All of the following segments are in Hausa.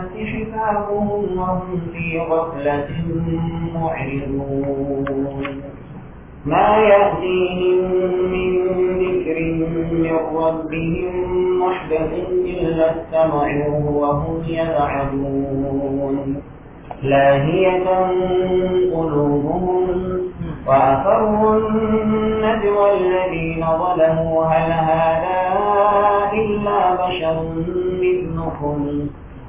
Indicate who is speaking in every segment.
Speaker 1: حسابهم وهم في غفلة معرضون ما يأتيهم من ذكر من ربهم محدث إلا استمعوا وهم يلعبون لاهية قلوبهم وأسروا النجوى الذين ظلموا هل هذا إلا بشر مثلكم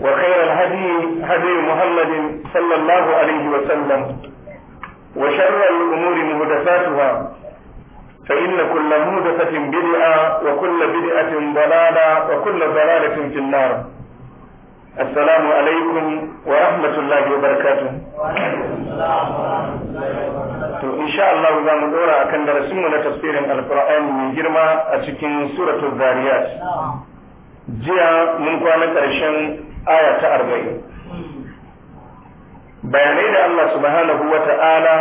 Speaker 2: وخير الهدي هدي محمد صلى الله عليه وسلم وشر الأمور مهدفاتها فإن كل مهدفة بدعة وكل بدعة ضلالة وكل ضلالة في النار السلام عليكم ورحمة الله وبركاته إن شاء الله za mu dora akan darasinmu na tafsirin alkur'ani mai girma a cikin suratul zariyat jiya mun kwana ƙarshen aya ta arba'in bayanai da Allah subhanahu wa ta'ala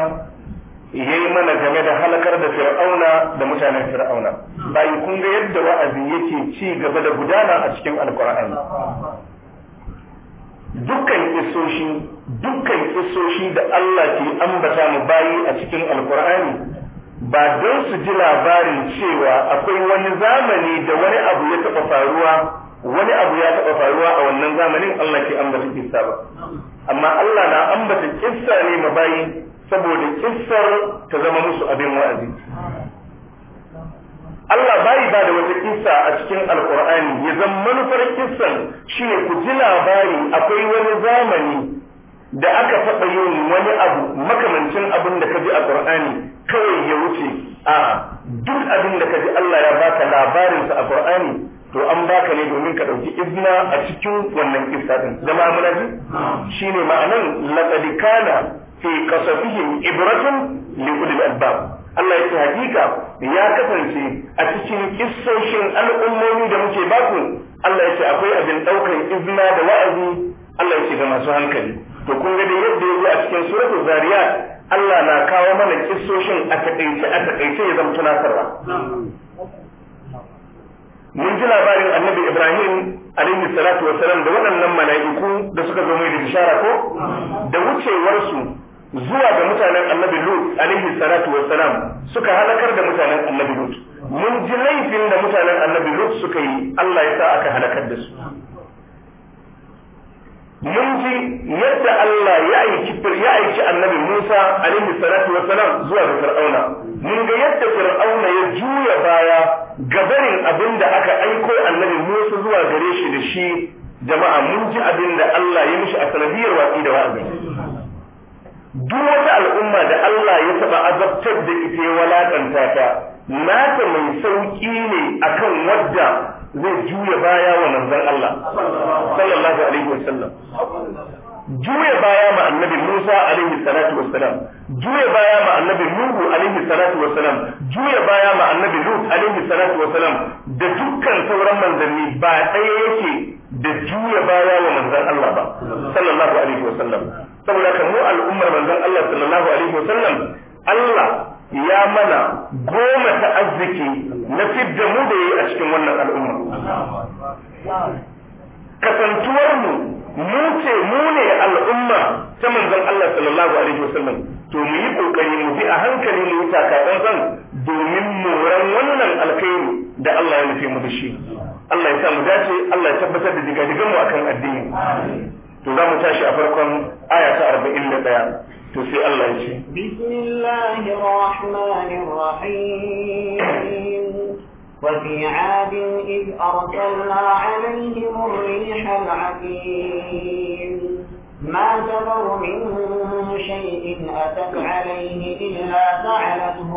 Speaker 2: ya yi mana game da halakar da fir'auna da mutanen fir'auna bayi kun ga yadda wa'azi yake ci gaba da gudana a cikin alkur'ani dukkan isoshi dukkan isoshi da Allah ke ambata mu bayi a cikin alkur'ani ba don su ji labarin cewa akwai wani zamani da wani abu ya taɓa faruwa wani abu ya taɓa faruwa a wannan zamanin Allah ke ambata kissa ba amma Allah na ambata kissa ne mabayi saboda kissar ta zama musu abin wa'azi Allah bayi ba da wata kissa a cikin alkur'ani ya zama manufar kissan ne ku ji labari akwai wani zamani da aka taɓa yin wani abu makamancin abin da ka ji a ƙur'ani kawai ya wuce a duk abin da ka ji Allah ya baka labarinsa a ƙur'ani. to an baka ne domin ka ɗauki izina a cikin wannan kisa din zama muna ji shine ma'anan laqad kana fi qasafihim ibratun li ulil albab Allah ya ce hakika ya kasance a cikin kissoshin al'ummomi da muke baku Allah ya ce akwai abin ɗaukar izina da wa'azi Allah ya ce ga masu hankali to kun ga dai yadda ya zo a cikin suratul zariyat Allah na kawo mana kissoshin a takaice a takaice ya zama tunatarwa mun ji labarin annabi Ibrahim alaihi salatu Salam da waɗannan mala'iku da suka zo mai da bishara ko da wucewarsu zuwa ga mutanen annabi Lut alaihi salatu Salam suka halakar da mutanen annabi Lut mun ji laifin da mutanen annabi Lut suka yi Allah ya sa aka halakar da su mun ji yadda Allah ya aiki ya aiki annabi Musa alaihi salatu Salam zuwa ga Fir'auna mun ga yadda fir'auna ya juya baya gabarin abin da aka aiko annabi Musa zuwa gare shi da shi jama'a mun ji abin da Allah ya mishi a sanadiyar watsi da wa'azi duk wata al'umma da Allah ya taba azabtar da ita ya walakanta ta nata mai sauki ne akan wadda zai juya baya wa manzon Allah sallallahu alaihi wasallam juya baya ma annabi Musa alaihi salatu wassalam juya baya ma annabi nuhu alaihi salatu wasalam juya baya ma annabi lut alaihi salatu wasalam da dukkan sauran manzanni ba ɗaya yake da juya baya wa manzan Allah ba sallallahu alaihi wasallam saboda kan mu al'ummar manzan Allah sallallahu alaihi wasallam Allah ya mana goma ta arziki na fidda mu da yi a cikin wannan al'umma kasantuwar mu mu ce mu ne al'umma ta manzon Allah sallallahu alaihi wasallam to mu yi kokari mu bi a hankali mu yi takatsantsan domin moran wannan alkhairi da Allah ya nufi mu da shi Allah ya sa mu dace Allah ya tabbatar da digadigan mu akan addini to za mu tashi a farkon aya ta 41 to sai Allah ya
Speaker 1: ce وفي عاد إذ أرسلنا عليهم الريح العقيم allah تمر منه شيء أتت عليه إلا فعلته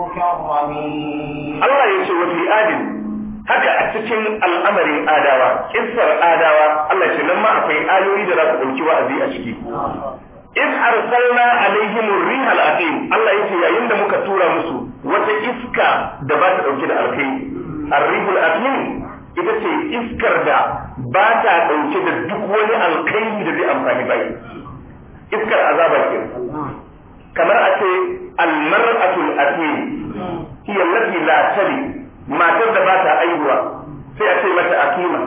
Speaker 2: الله يسوى في آدم haka a cikin al'amarin adawa kissar adawa Allah ce nan ma akwai ayoyi da za ku ɗauki wa'azi a ciki in arsalna alaihim rihal aqim Allah yake yayin da muka tura musu wata iska da ba ta ɗauki da a arrihul aqim ita ce iskar da ba ta ɗauke da duk wani alkhairi da zai amfani bai iskar azaba ke kamar a ce almar'atul atim hiya yallafi la tari matar da ba ta sai a ce mata atima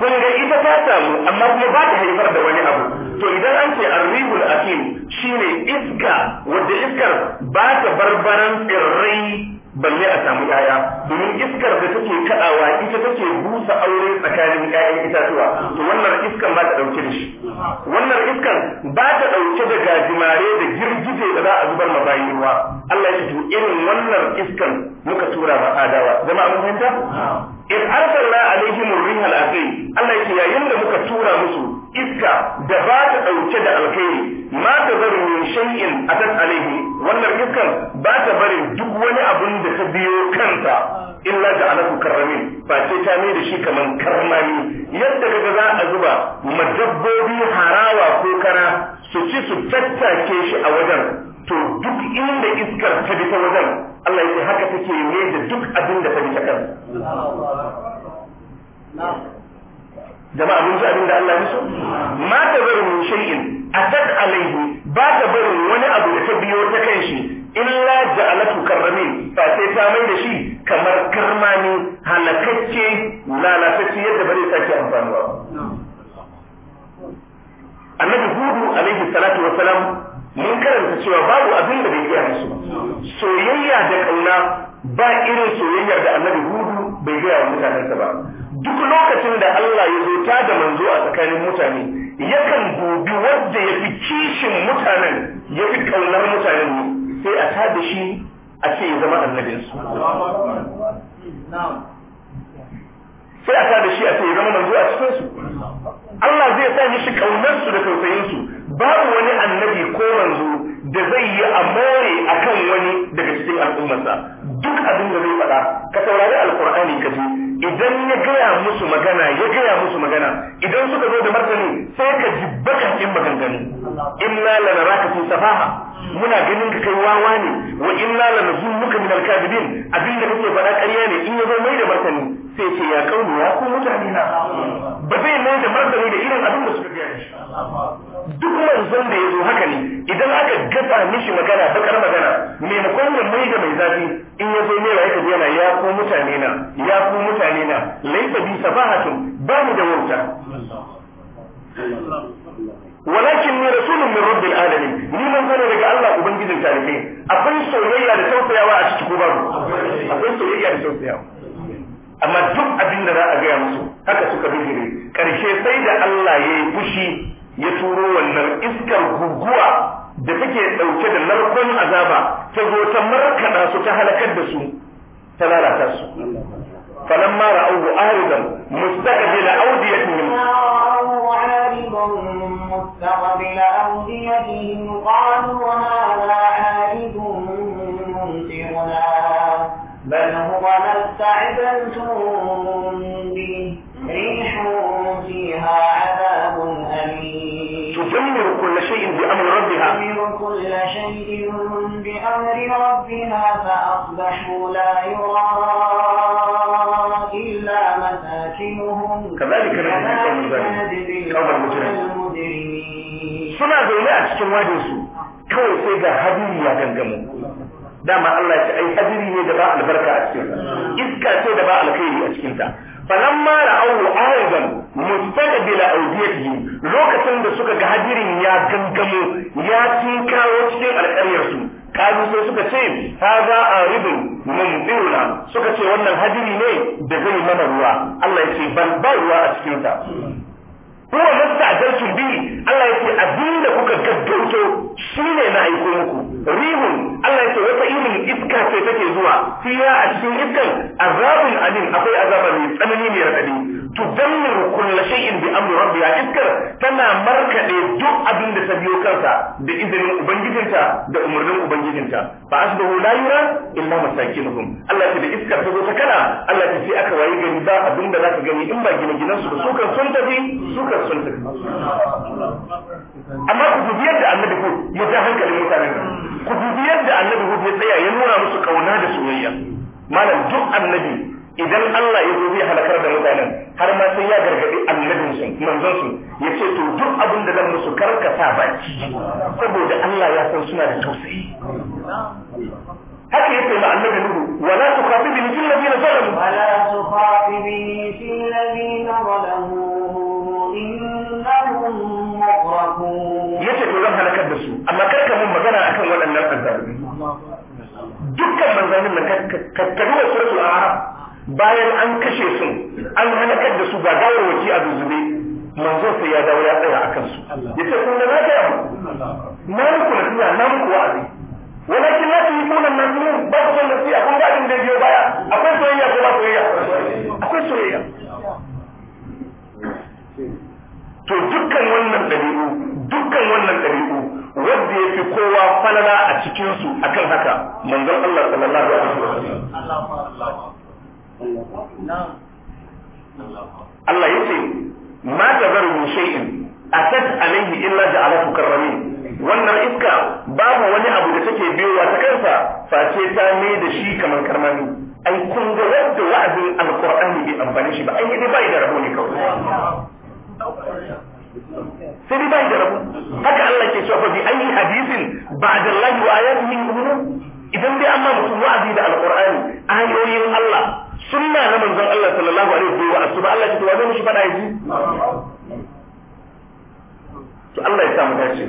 Speaker 2: kun ga ita ta samu amma kuma ba ta haifar da wani abu to idan an ce arrihul atim shine iska wadda iskar ba ta barbaran tsirrai balle a samu yaya domin iskar da take kaɗawa ita take busa aure tsakanin ƴaƴan itatuwa to wannan iskan ba ta ɗauke da shi wannan iskan ba ta ɗauke da gajimare da girgije da za a zubar ma bayan ruwa Allah ya ce irin wannan iskan muka tura ma adawa zama an fahimta in arsalna alaihim rihal asai Allah ya ce yayin da muka tura musu iska da ba ta ɗauke da alkhairi ma ta bari min shay'in atat alaihi wannan iskan ba ta bari duk wani abun da ta biyo kanta illa da alaku karramin ba sai ta mai da shi kaman karmami yadda kaga za a zuba madabbobi harawa ko kara su ci su tattake shi a wajen to duk inda iskar ta bi ta wajen Allah ya haka take ne da duk abin da ta bi ta kansa jama'a mun ji abin da Allah ya so ma ta barin min shay'in atad alaihi ba ta barin wani abu da ta biyo ta kan shi illa ja'alatu karramin fa sai ta mai da shi kamar karmani halakacce lalatacce yadda bare sake amfani ba annabi hudu alaihi salatu salam mun karanta cewa babu abin da bai iya musu soyayya da kauna ba irin soyayyar da annabi hudu bai gaya wa mutanensa ba duk lokacin da Allah ya zo ta da manzo a tsakanin mutane yakan gobi wanda ya fi kishin mutanen ya fi kaunar mutanen ne sai a ta da shi a ce ya zama annabinsu sai a ta da shi a ce ya zama manzo a cikinsu Allah zai sa mishi kaunar su da tausayin su babu wani annabi ko manzo da zai yi a more a kan wani daga cikin al'ummarsa duk abin da zai faɗa ka saurari alkur'ani ka ji idan ya gaya musu magana ya gaya musu magana idan suka zo da martani sai ka ji bakakin maganganu inna la fi safaha muna ganin ka kai wawa ne wa inna la min al abin da kake faɗa ƙarya ne in ya zo mai da martani sai ce ya kauni ya ku mutane na ba zai mai da martani da irin abin da suka gaya shi
Speaker 3: duk
Speaker 2: manzon da ya zo haka ne idan aka gasa mishi magana bakar magana maimakon ya mai da mai zafi in ya zo mai ya yana ya ku mutane na ya ko mutane na laifa bi sabahatun ba mu da wauta walakin ni rasulun min rabbil alamin ni manzo ne daga Allah ubangijin tarihi akwai soyayya da tausayawa a cikin babu akwai soyayya da tausayawa amma duk abin da za a gaya musu haka suka bijire karshe sai da Allah ya yi fushi ya turo wannan iskar guguwa da take dauke da larkon azaba ta zo ta markada su ta halakar da su ta lalata su falamma ra'awhu aridan mustaqbil awdiyatihim
Speaker 1: مستقبل أوديتهم قالوا هذا عارض ممطرنا بل هو ما استعبلتم به ريح فيها عذاب أليم تدمر كل شيء بأمر ربها تدمر كل شيء بأمر ربها فأصبحوا لا يرى إلا مساكنهم كذلك نجد قوم المجرمين suna zaune a cikin wajinsu kawai sai ga hadiri ya
Speaker 2: dama Allah ya ce ai hadiri ne da ba albarka a cikin iska ce da ba alkhairi a cikin ta falamma ra'awu aidan mustaqbila awdiyatihi lokacin da suka ga hadirin ya gangamo ya tinkawo cikin alƙaryar su kazu sai suka ce hada aribun mumdiruna suka ce wannan hadiri ne da zai mana ruwa Allah ya ce ban ba ruwa a cikin ta kuma mustajarsu bi Allah ya ce abinda kuka gaggauto shine na aiko muku rihun Allah yake wata irin iska ce take zuwa fiya a cikin iskan azabun alim akwai azaba mai tsanani mai radadi tudammiru kullu shay'in bi amri rabbiha iskar tana markade duk abin da ta biyo kansa da izinin ubangijinta da umarnin ubangijinta fa asbahu la yura illa masakinuhum Allah ya da iskar ta zo ta kana Allah ya ce aka wayi gani ba abin da zaka gani in ba gina ginan su da sukan sun
Speaker 3: tafi sukan sun tafi amma
Speaker 2: ku dubi yadda annabi ku ya ta hankalin mutane ku dubi yadda annabi ku ya tsaya ya nuna musu kauna da soyayya malam duk annabi idan Allah ya zai halakar da mutanen har ma sai ya gargaɗi annabin su manzon su ya ce to duk abin da zan musu ba baki saboda Allah ya san suna da tausayi haka yake ma annabi nuhu wala tukhatibni fil ladina zalamu wala
Speaker 1: tukhatibni fil ladina zalamu yace to
Speaker 2: zan halakar da su amma kar ka mun magana akan waɗannan azzalimi dukkan manzanin nan ka tabi wa suratul a'raf bayan an kashe su an halakar da su ga gawarwaci a duzube manzo sai ya dawo ya tsaya a kansu yace kun da na gaya mu na kula da tuna na ku wa'azi walakin la tuhibbuna an-nasihin ba ku son nasiha kun ga abin da biyo baya akwai soyayya ko ba soyayya akwai soyayya to dukkan wannan dabi'u dukkan wannan dabi'u wanda ya fi kowa falala a cikinsu akan haka manzon Allah sallallahu alaihi
Speaker 3: wasallam Allah
Speaker 2: ya yace ma tazaru shay'in atat alaihi illa ja'alahu karramin wannan iska babu wani abu da take biyowa ta kansa face ta ne da shi kamar karmami ai kun ga wanda wa'azin alqur'ani bai amfani shi ba ai ne bai da rabo ne kawai
Speaker 3: sai dai bai da rabo haka
Speaker 2: Allah ke cewa fa bi ayi hadisin ba'da Allah wa ayatihi yu'minun idan dai amma mutum wa'azi da alqur'ani ayoyin Allah sunna na manzon Allah sallallahu alaihi wa sallam asuba Allah ya ce wa fada yaji to Allah ya samu dace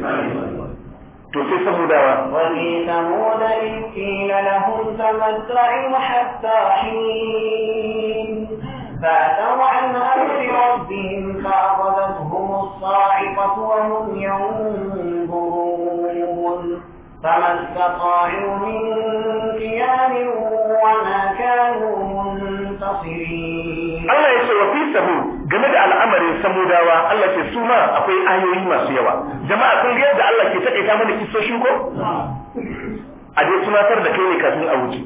Speaker 2: to sai samudawa wa ni samuda
Speaker 1: kila lahum tamattu hatta hin فأتوا عن أمر ربهم فأخذتهم الصاعقة وهم ينظرون فما استطاعوا من قيام وما كانوا منتصرين الله يسوى
Speaker 2: game da al'amarin samudawa Allah ke suna akwai ayoyi masu yawa jama'a kun ga yadda Allah ke taƙaita mana kisoshin ko a dai tunatar da kai ne kafin a wuce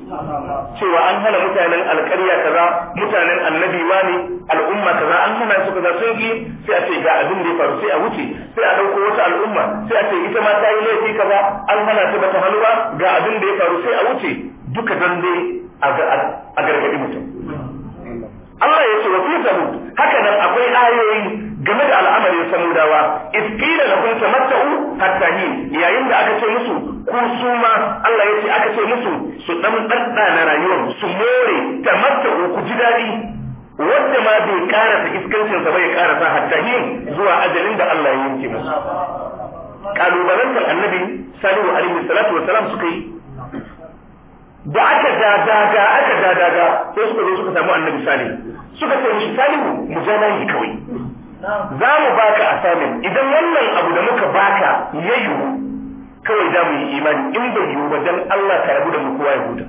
Speaker 2: cewa an hana mutanen alƙarya kaza mutanen annabi ne al'umma kaza an hana su kaza sun yi sai a ce ga abin da ya faru sai a wuce sai a ɗauko wata al'umma sai a ce ita ma ta yi laifi kaza an hana ta bata hannu ba ga abin da ya faru sai a wuce duka dan dai a gargaɗi mutum Allah ya ce wa fi haka nan akwai ayoyi game da al'amarin samudawa iskila lahum tamatta'u hatta hin yayin da aka ce musu ko su ma Allah ya ce aka ce musu su dan na rayuwar su more tamatta ku ji dadi wanda ma bai karasa iskancin sa bai karasa hatta hin zuwa ajalin da Allah ya yanke musu kalubalantar annabi salihu alaihi salatu wassalam suka yi da aka da aka dadaga sai suka zo suka samu annabi salihu suka ce mishi salihu mu ja layi kawai za mu baka asamin idan wannan abu da muka baka ya kawai za mu yi imani in bai yiwu ba dan Allah ka rabu da mu kowa ya huta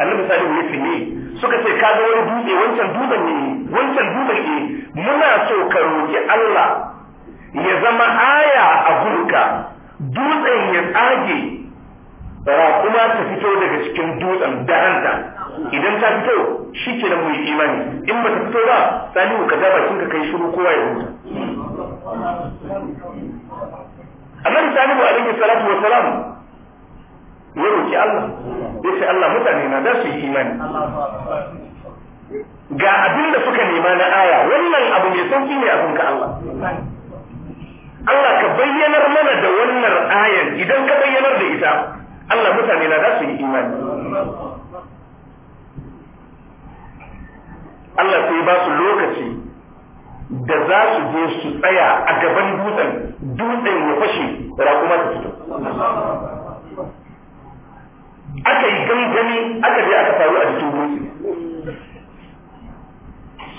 Speaker 2: annabi salihu ya fi ne suka ce ka wani dutse wancan dutsen ne wancan dutsen ne muna so ka roki Allah ya zama aya a gurka dutsen ya tsage ra kuma ta fito daga cikin dutsen da hanta idan ta fito shi ke da mai imani in ba ta fito ba salihu ka ja bakin ka kai shiru kowa ya huta annabi salihu alaihi salatu wa salam ya roki Allah ya ce Allah mutane na za su yi imani ga abin da suka nema na aya wannan abu mai sauki ne abin ka Allah Allah ka bayyanar mana da wannan ayar idan ka bayyanar da ita Allah mutane na za su yi imani Allah sai ba su lokaci da za su je su tsaya a gaban dutsen dutsen ya fashe kuma ta fito aka yi gangami aka je aka faru a jikin dutsen.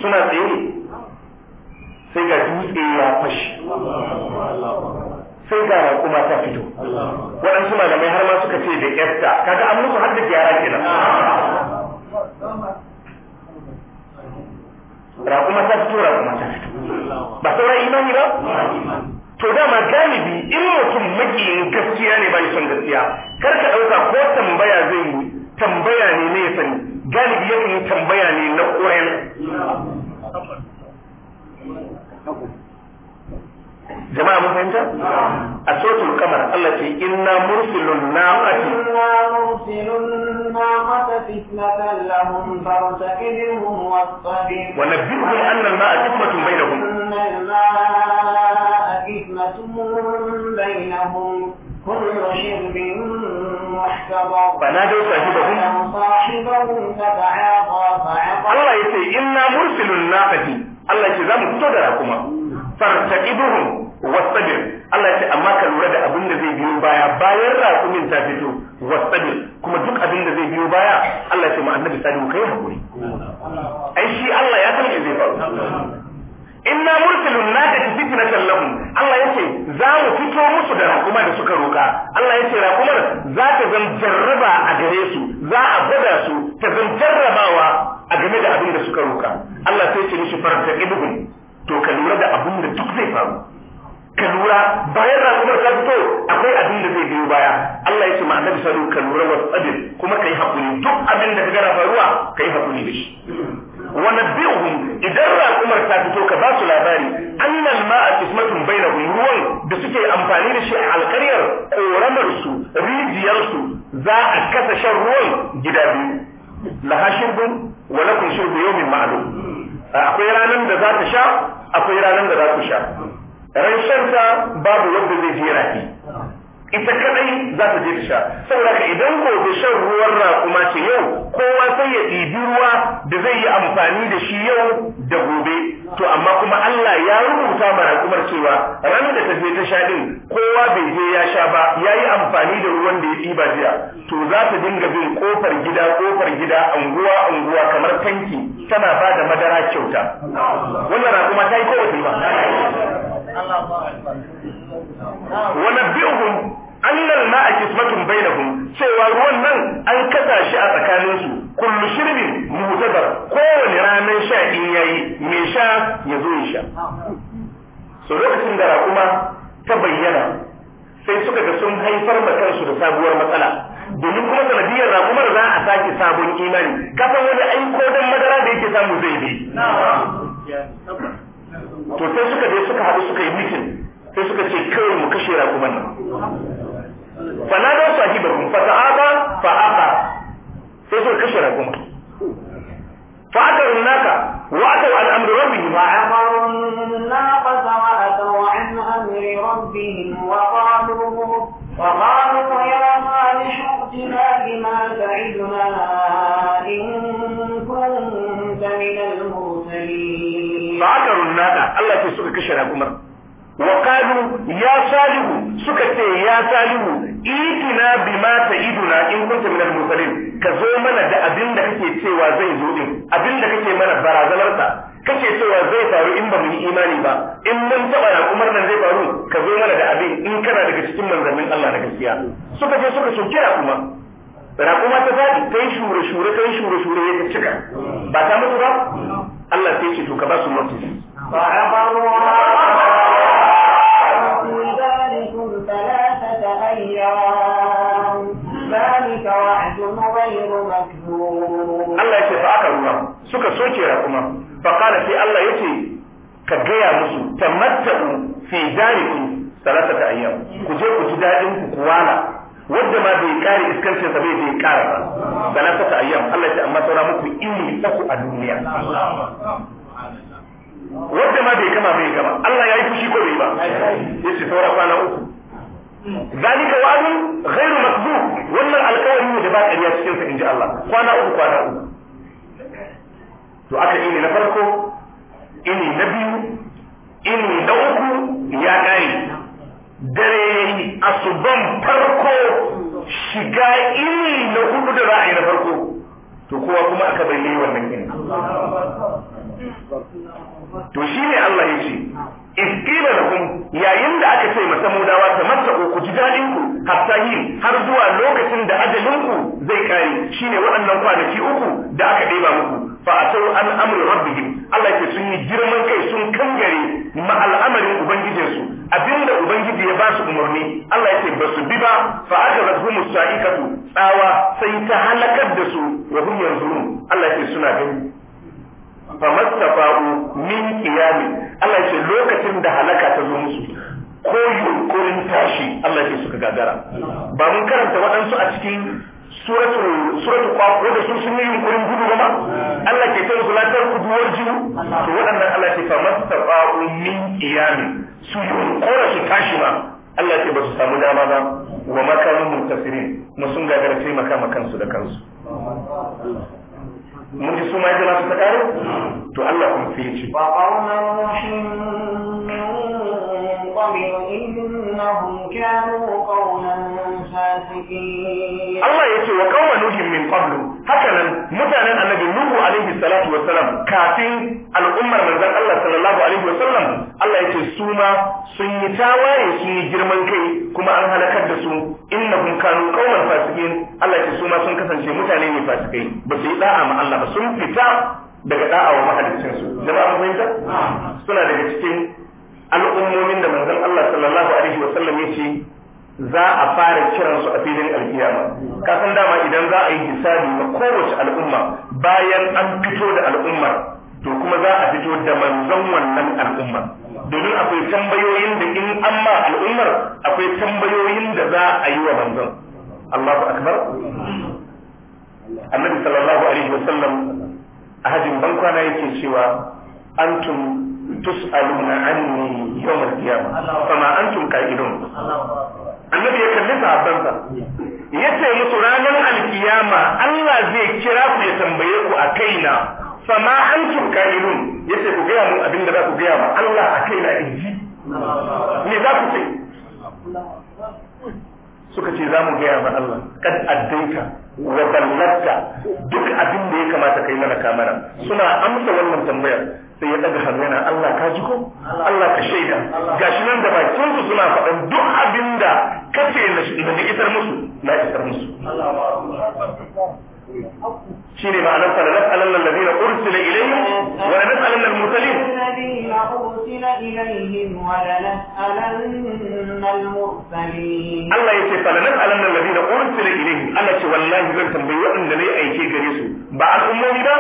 Speaker 2: suna tsaye sai ga dutse ya fashe
Speaker 3: sai ga kuma ta fito waɗansu malamai har ma suka ce da ƙyarta kaga an musu har da gyara kenan kuma ta fito kuma ta fito ba sauran
Speaker 2: imani ba to dama galibi in mutum makiyin gaskiya ne ba son gaskiya kar ka ɗauka ko tambaya zai yi tambaya ne ne ya sani galibi yakan yi tambaya ne na
Speaker 3: ƙoren jama'a mun fahimta a suratul qamar Allah ce inna mursilun naqati inna
Speaker 1: mursilun naqati fitnatan lahum fartakibhum wastabir wa nabbihum anna al-ma'a kitmatun bainahum anna al-ma'a kitmatun bainahum kullu shirbin muhtabar fanadaw sahibahum sahibahum fata'aqa fa'aqa Allah yace inna
Speaker 2: mursilun naqati Allah ce za mu wasabir Allah ya ce amma ka lura da abin da zai biyo baya bayan raƙumin ta fito wasabir kuma duk abin da zai biyo baya Allah ya ce ma annabi salihu kai hakuri ai shi Allah ya san me zai faru inna mursilun naka fi fitnatan lahum Allah yace za mu fito musu da rakuma da suka roka Allah yace rakumar za ta zan jarraba a gare su za a gwada su ta zan jarrabawa a game da abin da suka roka Allah sai ya ce mishi farta ibuhum to ka lura da abin da duk zai faru ka lura bayan ranar ta fito akwai abin da zai biyo baya Allah ya ce ma annabi sallu ka lura wa tsadin kuma yi haƙuri duk abin da ka gara faruwa yi hakuri da shi wa nabihum idan raƙumar ta fito ka ba su labari annal ma'a qismatun bainahum ruwan da suke amfani da shi a alƙaryar ƙoramar su rijiyar su za a kasa shan ruwan gida biyu laha wala wa lakum shirbu yawmin ma'lum akwai ranar da za ta sha akwai ranar da za ku sha rashanta babu wanda zai je rafi ita kadai za ta je ta sha saboda ka idan gobe shan ruwan raƙuma ce yau kowa sai ya ɗibi ruwa da zai yi amfani da shi yau da gobe to amma kuma Allah ya rubuta ma raƙumar cewa ran da ta je ta sha din kowa bai je ya sha ba ya yi amfani da ruwan da ya ɗiba jiya to za ta dinga bin kofar gida kofar gida anguwa anguwa kamar tanki tana bada madara kyauta wannan raƙuma ta yi kowace ba
Speaker 3: wa nabbi'uhum
Speaker 2: annal ma'a kismatun bainahum cewa ruwan nan an kasa shi a tsakaninsu kullu shirbin mutabar kowane ranar sha ya yayi mai sha ya zo ya sha so lokacin da raƙuma ta bayyana sai suka ga sun haifar da kansu da sabuwar matsala domin kuma sanadiyar raƙumar za a sake sabon imani
Speaker 3: kasan wani aiko don madara da yake samu zai bi to sai suka je suka haɗu suka yi mitin sai
Speaker 2: suka ce kawai mu kashe rakuman nan fanada sahibakum fata'aba fa'aqa sai suka kashe rakuman fa'akarun naka
Speaker 1: wa'atau an amri rabbihim fa'akarun naka fa'atau an amri rabbihim wa qalu wa qalu ya salih utina bima ta'iduna in kunta min
Speaker 2: al-mursalin fa'akarun naka Allah ce suka kashe ragumar wa qalu ya salihu suka ce ya salihu itina bima ta'iduna in kunta minal mursalin ka zo mana da abin da kake cewa zai zo din abin da kake mana barazanar sa kake cewa zai faru in ba mu yi imani ba in mun taba da umar nan zai faru ka zo mana da abin in kana daga cikin manzannin Allah na gaskiya suka je suka kira kuma raƙuma ta zaɗi ta yi shure-shure ta yi shure-shure ya cika ba ta mutu ba Allah sai ka ba su mutu فعبروها suka soke kuma faƙala sai Allah ya ce ka gaya musu tamattabu fi darikum ta ayyam ku je ku ji dadin ku kuwala wanda ma bai kare iskancin sa bai bai kara ba salatata ayyam Allah ya ce amma saura muku ta saku a duniya
Speaker 3: wadda ma bai kama bai gaba Allah ya yi fushi ko bai ba ya
Speaker 2: ce saura kwana uku zalika wa'adun ghairu makzub wannan alƙawari ne da ba ƙarya cikin sa inji Allah kwana uku kwana uku to aka ini na farko ini na biyu ini na uku ya ƙare dare yayi asuban farko shiga ini na hudu da ra'ayi na farko to kowa kuma aka bayyana wannan ini to shi ne Allah ya ce iskila da kun yayin da aka ce masa mudawa ta masa ku ji daɗin ku hatta yi har zuwa lokacin da ajalin ku zai kare shi ne waɗannan kwanaki uku da aka ɗeba muku fa a sau an amri rabbihim Allah ya sun yi girman kai sun kangare ma al'amarin ubangijinsu abinda ubangiji ya ba su umarni Allah ya ce ba su bi ba fa aka rasu musa'ikatu tsawa sai ta halakar da su wa hum yanzurun Allah ya ce suna gani famastafa'u min qiyami Allah ce lokacin da halaka ta zo musu ko yunkurin tashi Allah ce suka gagara ba mun karanta waɗansu a cikin suratu suratu da su sun yi yunkurin gudu ba Allah ke tare kulatar da kuduwar
Speaker 3: jinu to waɗannan Allah ce
Speaker 2: famastafa'u min qiyami su yunkura su tashi ma Allah ce ba su samu dama ba wa makarin muntasirin musun gagara taimaka ma kansu da kansu mun ji su mai yadda su ta to Allah kuma sai ya ce Ba qawma
Speaker 1: Allah min ce Allah
Speaker 2: wa qawma nuhin min qabl haka nan mutanen annabi nuhu alaihi salatu wasalam kafin al'ummar zan Allah sallallahu alaihi wasallam Allah ce su ma sun yi tawaye sun yi girman kai kuma an halakar da su innahum kanu qawman fasikin Allah ce su ma sun kasance mutane ne fasikai ba su yi da'a ma Allah Allah sun fita daga da'awa mahalicin su jama'a mun suna daga cikin al'ummomin da manzon Allah sallallahu alaihi wa sallam yace za a fara kiran su a filin alkiyama san dama idan za a yi hisabi na kowace al'umma bayan an fito da al'ummar to kuma za a fito da manzon wannan al'umma domin akwai tambayoyin da in an ma al'ummar akwai tambayoyin da za a yi wa manzon Allahu akbar annabi sallallahu alaihi wa sallam a hajjin bankwana yake cewa antum tus'aluna anni yawm al-qiyamah fama antum ka'idun. annabi ya kalli sahabbansa yace musu ranar alkiyama Allah zai kira ku ya tambaye ku a kaina fama antum qa'ilun yace ku gaya mun abin da za ku gaya ma Allah a na
Speaker 3: in ji me za ku ce suka ce za mu gaya ma Allah kad addaita
Speaker 2: wa ballatta duk abin da ya kamata kai mana kamara suna amsa wannan tambayar sai ya daga hannu yana Allah ka ji ko Allah ka shaida gashi nan da bakin su suna faɗan duk abin da kace na isar musu na isar musu
Speaker 3: ne ma'anar fa la nas'alan alladhina ursila ilayhim wa la nas'alan al-mursalin
Speaker 1: alladhina ursila ilayhim wa la nas'alan al-mursalin Allah yace fa la
Speaker 2: nas'alan Allah ce wallahi zan tambayi waɗanda nayi aike gare su ba al'ummomi ba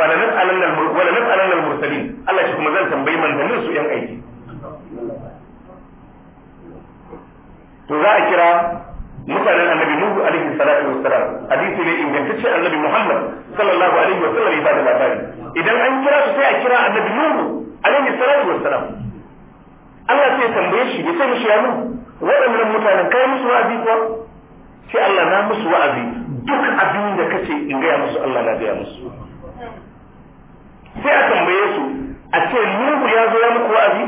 Speaker 2: fa la nas'alan wa la Allah ce kuma zan tambayi manzannin su yan aiki to za a kira mutanen annabi nuhu alaihi salatu wassalam hadisi ne ingantacce annabi muhammad sallallahu alaihi wa ya da labari idan an kira su sai a kira annabi nuhu alaihi salatu wassalam Allah sai tambaye shi ya sai mishi ya nuhu waɗannan mutanen kai musu wa'azi kuwa sai Allah na musu wa'azi duk abin da kace in ga musu Allah na ga musu sai a tambaye su a ce nuhu ya zo ya muku wa'azi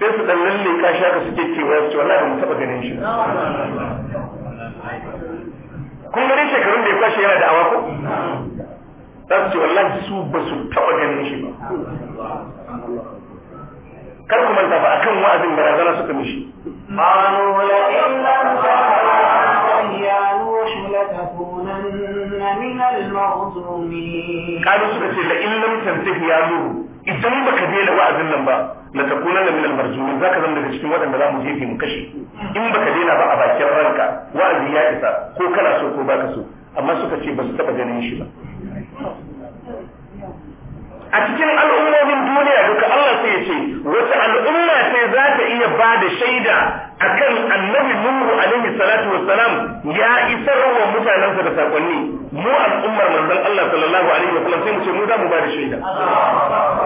Speaker 2: sai su dan lalle kashi haka suke cewa su wallahi mun mu taba ganin shi
Speaker 3: kun ganin shekarun da ya
Speaker 2: kwashe yana da awa ko za su ce wallahi su ba su taɓa ganin shi ba kar ku ta ba akan wa'azin barazana suka mishi قالوا ta لم تنته ya نوح ya idan baka daina wa'azin nan ba la takunanna minal marzumin zaka zama daga cikin waɗanda za mu jefe mu kashe in baka daina ba a bakin ranka wa'azi ya isa ko kana so ko baka so amma suka ce ba su taɓa ganin shi ba a cikin al'ummomin duniya duka Allah sai ya ce wata al'umma sai za ta iya ba da shaida akan annabi Nuhu alaihi salatu wa salam ya isar wa mutanensa da sakonni
Speaker 3: mu al'ummar manzon Allah sallallahu alaihi sallam sai mu ce mu za mu ba da shaida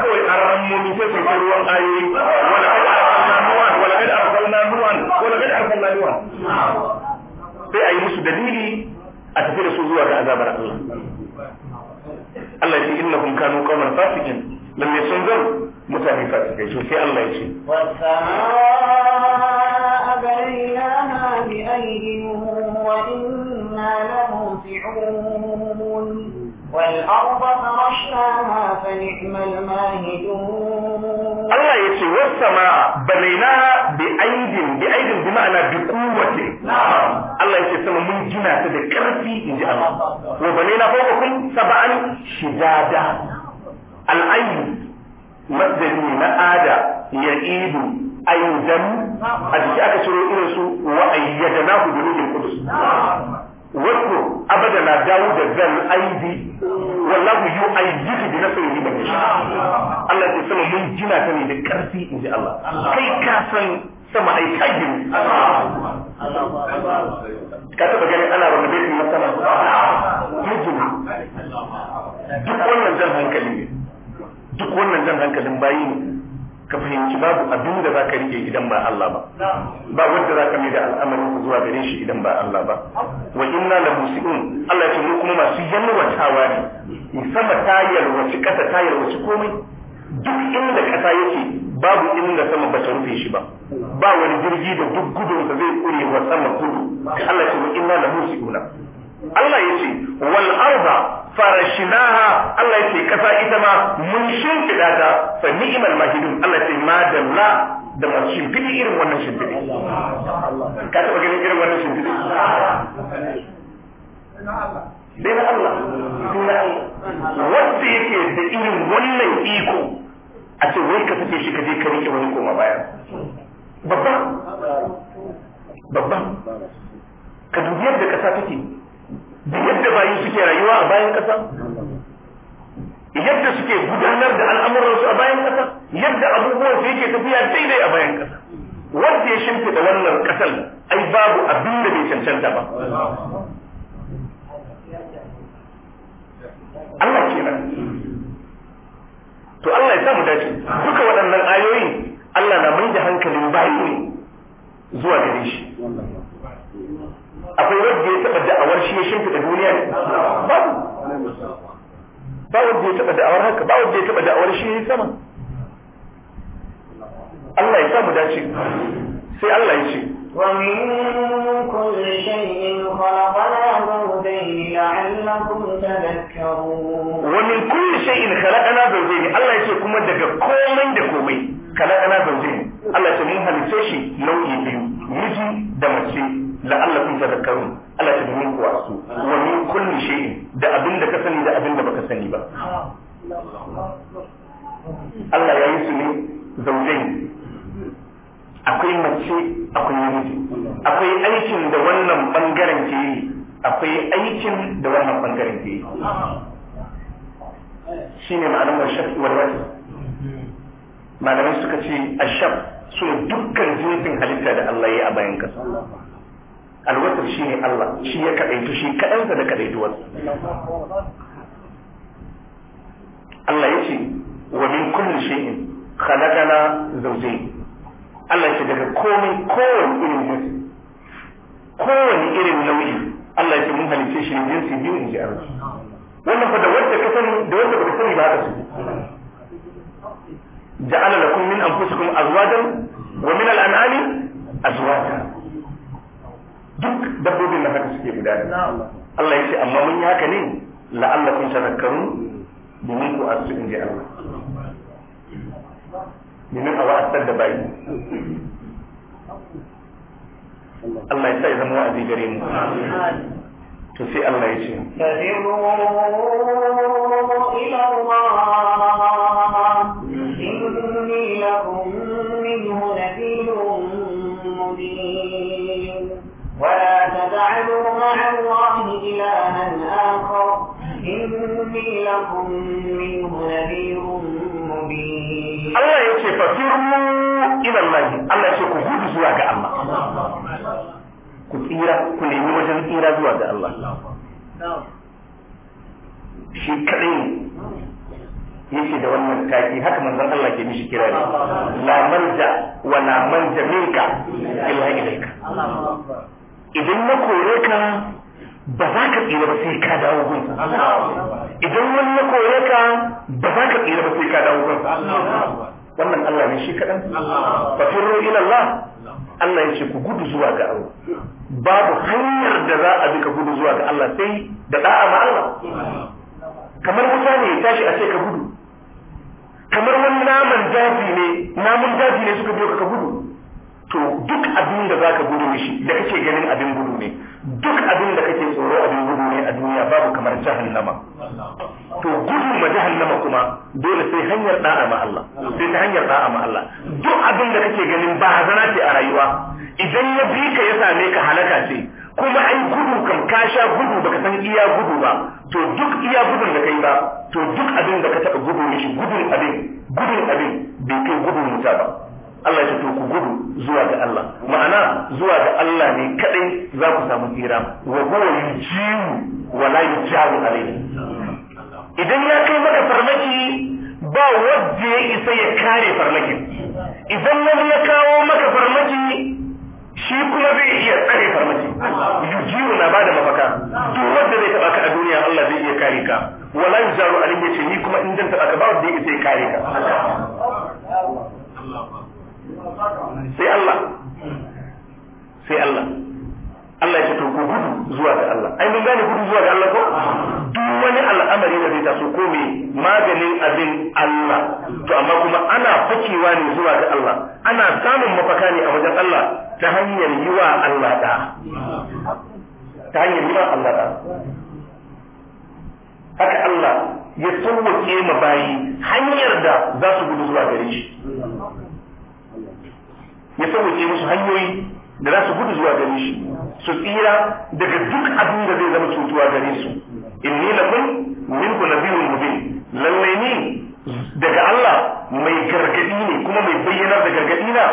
Speaker 3: kawai an rammomi sai su yi ruwan ayoyi wala kad na nuwa wala kad na nuwa wala kad na nuwa
Speaker 2: sai a yi musu dalili a tafi da su zuwa ga azabar Allah Allah ya innahum kanu qauman fasikin lalle sun zan mutane fasikai to sai Allah ya ce
Speaker 3: wasamaa
Speaker 1: bainaha bi aydin wa inna lahu fi'un Allah yake
Speaker 2: wasu ma balina bi aidin bi aidin bi ma'ana bi kowace. Allah yake sama mun gina ta da karfi in ji ana. Wa balina ko ku kun saba an shigada. Al'ayu madadi na ada ya ibu ayu a jiki aka shiro irin su wa ayyadana ku gudunin kudus. wasu abada na dawo da zan aidi wallahu yu ayyidi bi nasrihi man yasha Allah ya sama mun jina ta ne da karfi inji Allah kai ka san sama ai kagiru ka taba ganin ana wani baitin na sama mujina
Speaker 3: duk wannan zan hankali ne
Speaker 2: duk wannan jan hankalin bayi ne ka fahimci babu abin da za ka rike idan ba Allah ba ba wanda za ka mai da al'amarin zuwa gare shi idan ba Allah ba wa inna la musiun Allah ya ce mu kuma masu yalwatawa ne sama ta yalwaci kasa ta wace komai duk inda kasa yake babu inda sama ba ta rufe shi ba ba wani jirgi da duk gudunsa zai kure wa sama kudu Allah ya ce wa inna la musiuna Allah ya ce wal arda farashnaha Allah ya ce ƙasa ita ma mun shimfida ta fa ni'mal mahidun Allah ya ce madalla da masu shimfidi irin wannan shimfidi ka taɓa ganin irin wannan shimfidi sai na Allah Allah. wanda yake da irin wannan iko a ce wai ka fice shi ka je ka rike wani koma baya Babban, Babban ka dubi yadda kasa take yadda bayan suke rayuwa a bayan ƙasa yadda suke gudanar da al'amuransu a bayan ƙasa yadda abubuwan su yake tafiya daidai a bayan ƙasa wanda ya da wannan ƙasar ai babu abin da bai cancanta ba Allah kenan to Allah ya samu dace duka waɗannan ayoyin. Allah na mai da hankalin bayi ne zuwa gare shi akwai wanda ya taɓa da'awar shi ya shimfiɗa duniya ne babu ba wanda ya taɓa da'awar haka ba wanda ya taɓa da'awar shi ya yi sama Allah ya sa mu dace sai Allah ya
Speaker 1: ce ومن كل شيء خلقنا زوجين لعلكم تذكرون ومن كل شيء خلقنا زوجين الله يسوي
Speaker 2: kuma daga komai da komai خلقنا زوجين Allah ya mun halice shi nau'i biyu miji da mace la'allakum tadhakkarun Allah ta domin ku wasu wa min kulli shay'in da abin da ka sani da abin da baka sani ba Allah ya yi su ne zaujai akwai mace akwai namiji akwai aikin da wannan bangaren ke yi akwai aikin da wannan bangaren ke yi shine ma'anar washafi wal wajh malamai suka ce ashab su dukkan jinsin halitta da Allah ya a bayan kasa alwatar shi ne Allah shi ya kaɗaitu shi kaɗansa da kaɗaituwar Allah ya ce wa min kulli shay'in khalaqana zawjayn Allah ya ce daga
Speaker 3: komai kowane
Speaker 2: irin jinsi kowane irin nau'i Allah ya ce mun halice shi ne jinsi biyu in ji Allah wannan fa da wanda ka sani da wanda baka sani ba haka su ja'ala lakum min anfusikum azwajan wa min al suke guda gudana Allah ya ce amma mun yi haka ne kun tadhakkarun domin ku a su inji Allah domin a wa'asar da bayi Allah ya sa ya zama wa'azi gare mu to sai Allah ya ce
Speaker 1: fadiru ila Allah Allah ya ce إني لكم منه نذير
Speaker 3: Allah ya ce ku إلى الله الله يكفي فتروا إلى الله كنت إيرا كل يوم وجد إيرا shi kaɗai
Speaker 2: ce da wannan taki haka manzon Allah ke mishi kira ne la manja wa la manja minka ilaha illaka idan na kore ka ba za ka tsira ba sai ka dawo kansa idan wani na kore ka ba za ka tsira ba sai ka dawo kansa wannan Allah ne shi kaɗan fatirro ila Allah Allah ya ce ku gudu zuwa ga Allah babu hanyar da za a bi ka gudu zuwa ga Allah sai da da'a ma Allah kamar wuta ne ya tashi a ce ka gudu kamar wani naman daji ne namun daji ne suka biyo ka gudu to duk abin da zaka gudu mishi da kake ganin abin gudu ne duk abin da kake tsoro abin gudu ne a duniya babu kamar jahannama to gudun ma jahannama kuma dole sai hanyar da'a ma Allah sai ta hanyar da'a ma Allah duk abin da kake ganin ba hazana ce a rayuwa idan ya bi ka ya same ka halaka ce kuma ai gudu kam ka sha gudu baka san iya gudu ba to duk iya gudun da kai ba to duk abin da ka taba gudu mishi gudun abin gudun abin bai kai gudun mutaba ba Allah ya to ku gudu zuwa ga Allah ma'ana zuwa ga Allah ne kadai za ku samu tsira wa huwa yu'jiru wa la yujaru alayhi idan ya kai maka farmaki ba wanda ya isa ya kare farmakin idan wani ya kawo maka farmaki shi kuma zai iya tsare farmaki yu'jiru na bada mafaka duk wanda zai taba ka a duniya Allah zai iya kare ka wala yujaru alayhi ce ni kuma in dan taba ka ba wanda ya isa ya kare ka
Speaker 3: Allah sai Allah
Speaker 2: sai Allah Allah ya ce to ku gudu zuwa ga Allah ai mun gane gudu zuwa ga Allah ko duk wani al'amari da zai taso ko me maganin abin Allah to amma kuma ana fakewa ne zuwa ga Allah ana samun mafaka ne a wajen Allah ta hanyar yi wa Allah da ta hanyar yi wa Allah da haka Allah ya sauwake ma bayi hanyar da za su gudu zuwa gare shi ya sauke musu hanyoyi da za su gudu zuwa gare shi su tsira daga duk abin da zai zama cutuwa gare su in ni inni lakum minkum mu mubin lallai ni daga Allah mai gargadi ne kuma mai bayyanar da gargadi na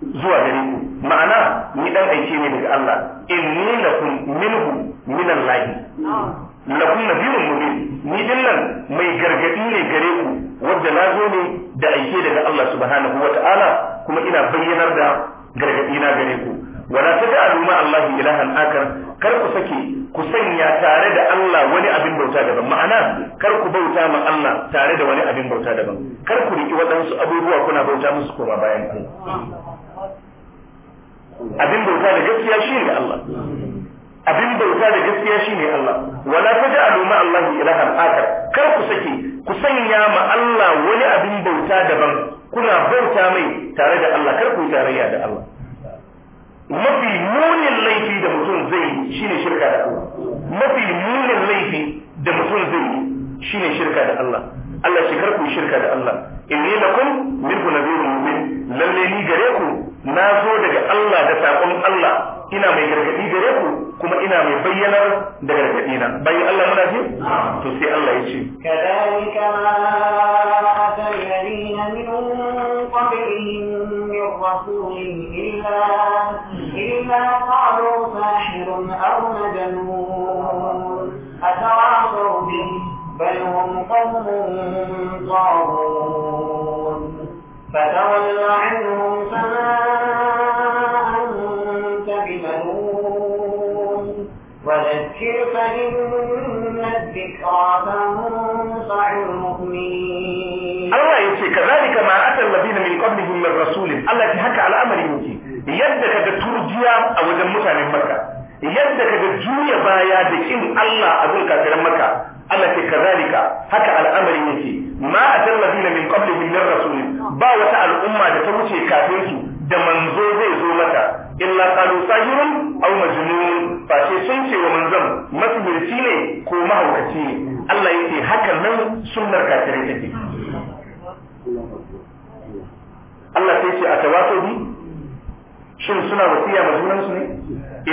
Speaker 2: zuwa gare ku ma'ana ni dan aike ne daga Allah in ni lakum kun min ku Allah lakum mu mubin ni dinnan mai gargaɗi ne gare ku wanda na zo ne da aike daga Allah subhanahu wata'ala kuma ina bayyanar da gargaɗi na gare ku wala taj'alu aluma Allah ilahan akar kar ku sake ku sanya tare da Allah wani abin bauta daban ma'ana kar ku bauta ma Allah tare da wani abin bauta daban kar ku riki waɗansu abubuwa kuna bauta musu koma bayan ku abin bauta da gaskiya shine Allah abin bauta da gaskiya shine Allah wala taj'alu aluma Allah ilahan akar kar ku sake ku sanya ma Allah wani abin bauta daban kuna bauta mai tare da Allah kar ku yi tarayya da Allah mafi munin laifi da mutum zai yi shine shirka da Allah mafi munin laifi da mutum zai yi shine shirka da Allah Allah shi kar ku shirka da Allah inni lakum minhu nadhirun mubin lalle ni gare ku na zo daga Allah da saƙon Allah ina mai gargaɗi gare ku kuma ina mai bayyana da gargaɗi na bayan Allah muna ce to sai Allah ya ce kadhalika ma ata alladhina
Speaker 1: min طاغون فتول عنهم فما أنت بملوم وذكر فإن الذكرى تنفع المؤمنين الله يقول كذلك
Speaker 2: ما أتى الذين من قبلهم من رسول الله تحكى على أمر يوتي yadda ka ga turjiya a wajen mutanen maka yadda ka ga juya baya da kin Allah a zulka maka Allah ke kazalika haka al'amari yake al'umma da ta wuce kafin su da manzo zai zo mata illa qalu sajirun aw majnun fa sai sun ce wa manzon masbirci ne ko mahaukaci ne Allah yake hakan nan sunnar kafirai take Allah sai ce a tawato bi shin suna wasiya ma su ne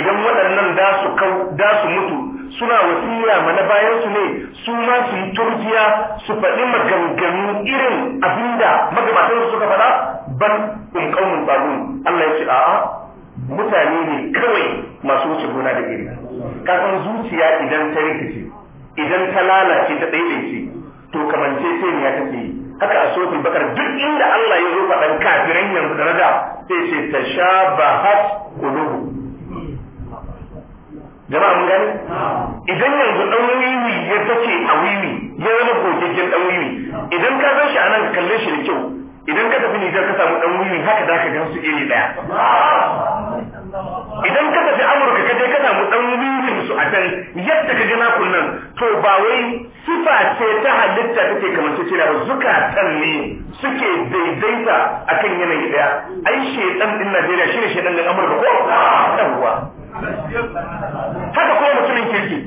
Speaker 2: idan waɗannan da su kau da su mutu suna wasiya mana bayan su ne su ma su yi turjiya su faɗi maganganu irin abinda magabatan su suka faɗa ban in kaunin tsagun Allah ya ce a'a mutane ne kawai masu wuce gona da iri kasan zuciya idan ta rikice idan ta lalace ta ɗaiɗaice to kamance ce ne ya tafi haka a sofin bakar duk inda Allah ya zo faɗan kafiran yanzu da rada sai ce ta sha ba has kulubu jama'a mun gani idan yanzu dan wiwi ya tace a wiwi ya wani gogeggen dan wiwi idan ka gan shi a nan kalle shi da kyau idan ka tafi Nijar ka samu dan wiwi haka za ka gan su iri daya
Speaker 3: idan ka tafi Amurka ka je
Speaker 2: ka samu dan wiwin su a can yadda ka ga na nan to ba wai sifa ce ta halitta take kamar su ba zukatan ne suke daidaita akan yanayi daya ai shedan din Najeriya shi shine shedan din Amurka ko yawwa
Speaker 3: haka kuma mutumin kirki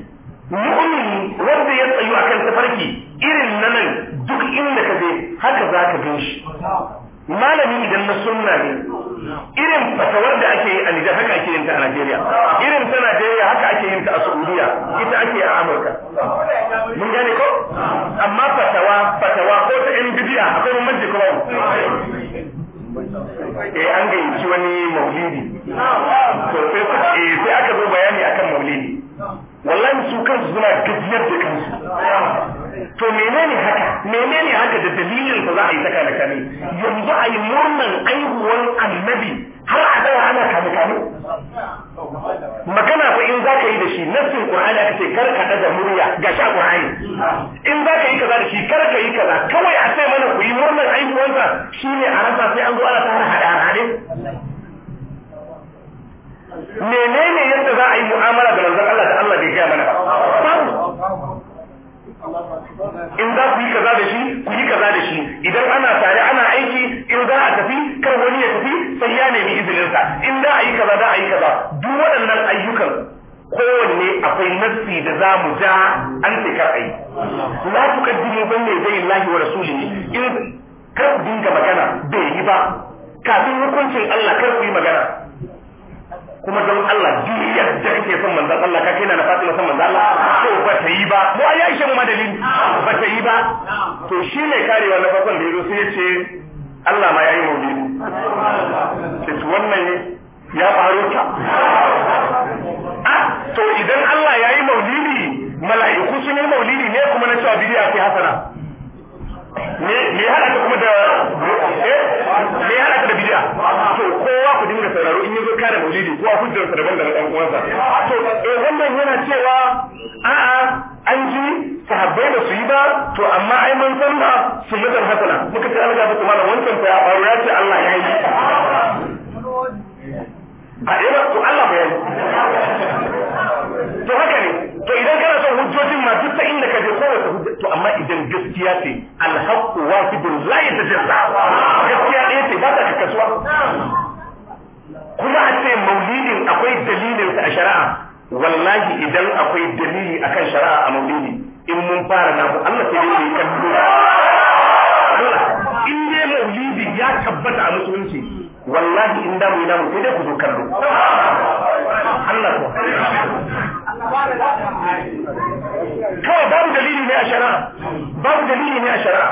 Speaker 2: mu'mini wanda ya tsayu kan tafarki irin na nan duk inda ka je haka za ka gan shi malami idan na sunna ne irin fatawar da ake yi a Nijar haka ake yin ta a nigeria irin ta nigeria haka ake yin ta a Saudiya ita ake a Amurka mun gane ko amma fatawa fatawa ko ta yan bidiya akwai mun manje babu
Speaker 3: eh an gayyaci wani maulidi to sai ku eh
Speaker 2: wallahi su kansu suna gajiyar da kansu to menene haka menene haka da dalilin da za a yi ta kame kame yanzu a yi murnan aihuwar annabi har a tsaya ana kame kame magana ko in za ka yi da shi nassin qur'ani aka ce kar ka daga murya ga sha qur'ani in za ka yi kaza da shi kar ka yi kaza kawai a sai mana ku yi murnan
Speaker 3: sa, shine a rasa sai an zo ana ta hada hade
Speaker 2: menene yadda za a yi mu'amala da manzon Allah da Allah bai gaya mana ba
Speaker 3: in za ku yi kaza da shi ku yi kaza da
Speaker 2: shi idan ana tare ana aiki in za a tafi kar wani ya tafi sai ya nemi izininsa in za a yi kaza za a yi kaza duk waɗannan ayyukan kowanne akwai nassi da za mu ja an ce kar ayi la ban ne zai Allahi wa rasulihi in kar dinga magana bai yi ba kafin hukuncin Allah kar ku yi magana kuma don Allah duniya da kake son manzon Allah ka kaina na Fatima son manzon Allah to ba ta yi ba mu ayi shi mu madalin ba ta yi ba to shine karewa na farkon da yazo sai ya ce Allah ma yayi maudu to wannan ya faru ta to idan Allah yayi maulidi mala'iku sun yi maulidi ne kuma na cewa bidiya ce hasana
Speaker 3: me me hada ka kuma da
Speaker 2: eh me hada ka da bid'a to kowa ku dinga sauraro in yazo kare maulidi ko a hujjar sa daban da ɗan uwansa to eh wannan yana cewa a'a an ji sahabbai da su yi ba to amma ai mun san ba sunnatul hasana muka ce Allah ya kuma wancan fa ya faru ya ce Allah ya yi
Speaker 3: a ina eh, to Allah ba ya to haka ne to idan kana son hujjojin ma
Speaker 2: duk ta inda ka je kowace hujja to amma idan gaskiya ce alhaqqu wahidun la yatajalla gaskiya ɗaya ce ba ta kasuwa kuma a ce maulidin akwai dalilin a shari'a wallahi idan akwai dalili akan shari'a a maulidi in mun fara namu Allah sai dole ya kallo in dai maulidi ya tabbata a musulunci wallahi in da mu sai dai ku zo kallo Allah ko kawai babu dalili ne a shari'a babu dalili ne a shari'a